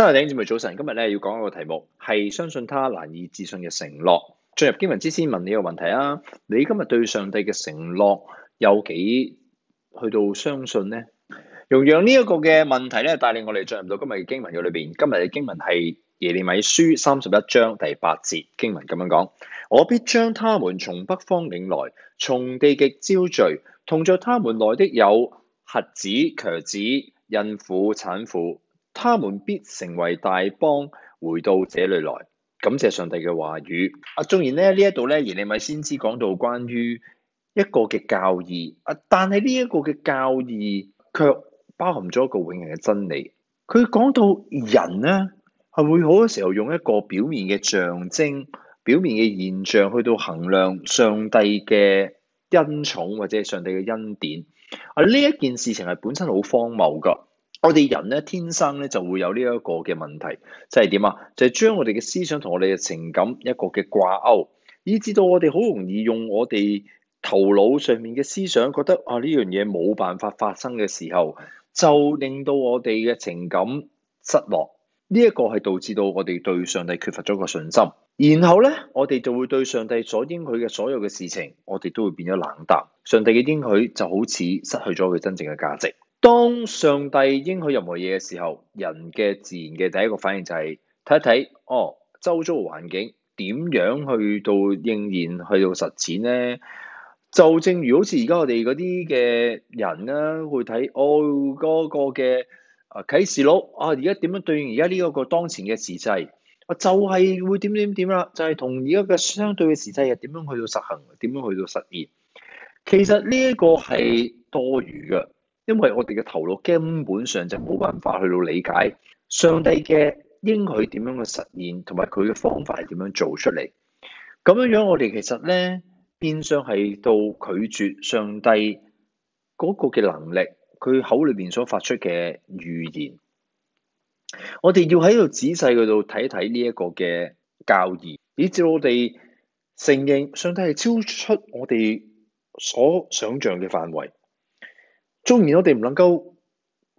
親愛的弟兄姊妹，早晨！今日咧要講一個題目，係相信他難以置信嘅承諾。進入經文之先問你一個問題啊：你今日對上帝嘅承諾有幾去到相信咧？用呢一個嘅問題咧，帶領我哋進入到今日嘅經文嘅裏邊。今日嘅經文係耶利米書三十一章第八節經文咁樣講：我必將他們從北方領來，從地極招聚，同著他們來的有瞎子、瘸子、孕婦、產婦。他們必成為大幫，回到這裏來，感謝上帝嘅話語。啊，縱然咧呢一度咧，耶利米先知講到關於一個嘅教義啊，但係呢一個嘅教義卻包含咗一個永恆嘅真理。佢講到人咧係會好多時候用一個表面嘅象徵、表面嘅現象去到衡量上帝嘅恩寵或者上帝嘅恩典啊，呢一件事情係本身好荒謬噶。我哋人咧天生咧就會有呢一個嘅問題，即係點啊？就係將我哋嘅思想同我哋嘅情感一個嘅掛鈎，以至到我哋好容易用我哋頭腦上面嘅思想，覺得啊呢樣嘢冇辦法發生嘅時候，就令到我哋嘅情感失落。呢一個係導致到我哋對上帝缺乏咗個信心，然後咧我哋就會對上帝所應許嘅所有嘅事情，我哋都會變咗冷淡。上帝嘅應許就好似失去咗佢真正嘅價值。當上帝應許任何嘢嘅時候，人嘅自然嘅第一個反應就係睇一睇，哦，周遭環境點樣去到應驗去到實踐咧？就正如好似而家我哋嗰啲嘅人啦，會睇哦，嗰、嗰個嘅啟示錄，啊，而家點樣對應而家呢一個當前嘅時勢？啊，就係、係、會點點點啦，就係同而家嘅相對嘅時勢係點樣去到實行，點樣去到實現？其實呢一個係多餘嘅。因為我哋嘅頭腦根本上就冇辦法去到理解上帝嘅應許點樣嘅實現，同埋佢嘅方法係點樣做出嚟。咁樣樣我哋其實咧，變相係到拒絕上帝嗰個嘅能力，佢口裏邊所發出嘅預言。我哋要喺度仔細去到睇一睇呢一個嘅教義，以至我哋承認上帝係超出我哋所想象嘅範圍。縱然我哋唔能夠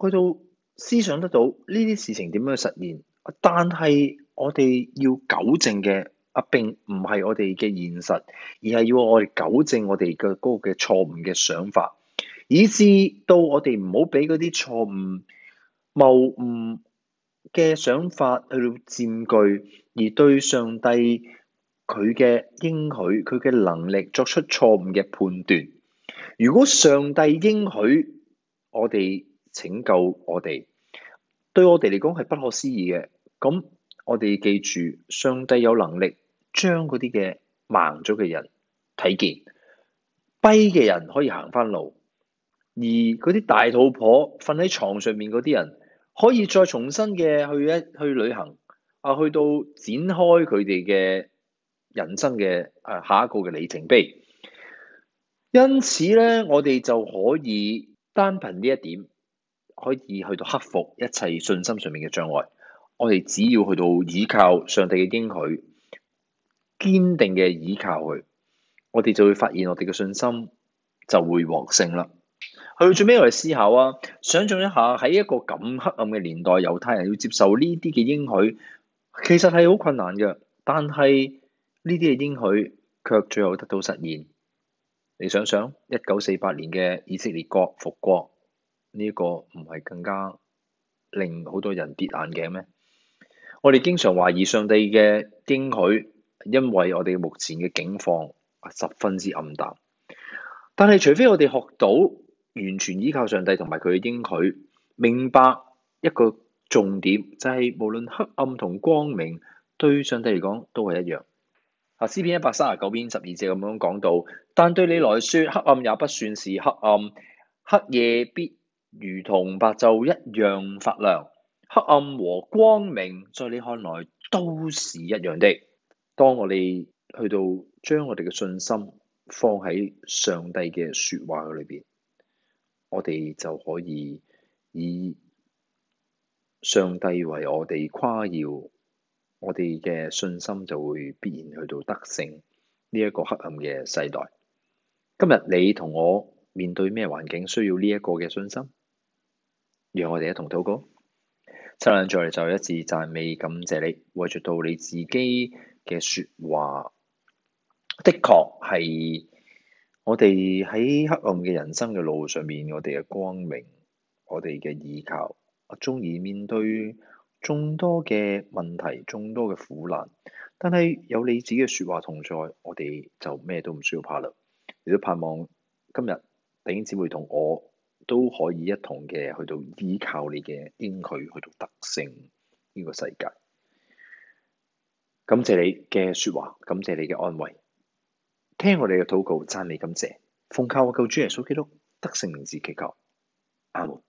去到思想得到呢啲事情點樣去實現，但係我哋要糾正嘅啊，並唔係我哋嘅現實，而係要我哋糾正我哋嘅嗰個嘅錯誤嘅想法，以至到我哋唔好俾嗰啲錯誤謬誤嘅想法去佔據，而對上帝佢嘅應許、佢嘅能力作出錯誤嘅判斷。如果上帝應許我哋拯救我哋，對我哋嚟講係不可思議嘅。咁我哋記住，上帝有能力將嗰啲嘅盲咗嘅人睇見，跛嘅人可以行返路，而嗰啲大肚婆瞓喺床上面嗰啲人，可以再重新嘅去一去旅行，啊，去到展開佢哋嘅人生嘅啊下一個嘅里程碑。因此咧，我哋就可以單憑呢一點，可以去到克服一切信心上面嘅障礙。我哋只要去到依靠上帝嘅應許，堅定嘅依靠佢，我哋就會發現我哋嘅信心就會獲勝啦。去做咩？嚟思考啊，想象一下喺一個咁黑暗嘅年代，猶太人要接受呢啲嘅應許，其實係好困難嘅。但係呢啲嘅應許卻最後得到實現。你想想，一九四八年嘅以色列國復國呢一，這個唔係更加令好多人跌眼鏡咩？我哋經常懷疑上帝嘅應許，因為我哋目前嘅境況十分之暗淡。但係除非我哋學到完全依靠上帝同埋佢嘅應許，明白一個重點，就係、是、無論黑暗同光明，對上帝嚟講都係一樣。啊，詩篇一百三十九篇十二節咁樣講到，但對你來說，黑暗也不算是黑暗，黑夜必如同白晝一樣發亮。黑暗和光明，在你看來都是一樣的。當我哋去到將我哋嘅信心放喺上帝嘅説話嘅裏面，我哋就可以以上帝為我哋誇耀。我哋嘅信心就會必然去到得勝呢一個黑暗嘅世代。今日你同我面對咩環境需要呢一個嘅信心？讓我哋一同禱告。七兩再嚟就一次讚美感謝你，為着到你自己嘅説話，的確係我哋喺黑暗嘅人生嘅路上面，我哋嘅光明，我哋嘅依靠，我縱而面對。眾多嘅問題，眾多嘅苦難，但係有你自己嘅説話同在，我哋就咩都唔需要怕啦。亦都盼望今日弟兄姊妹同我都可以一同嘅去到依靠你嘅應許，去到得勝呢個世界。感謝你嘅説話，感謝你嘅安慰，聽我哋嘅禱告，讚你感謝，奉靠我救主耶穌基督得勝名字祈求，阿門。啊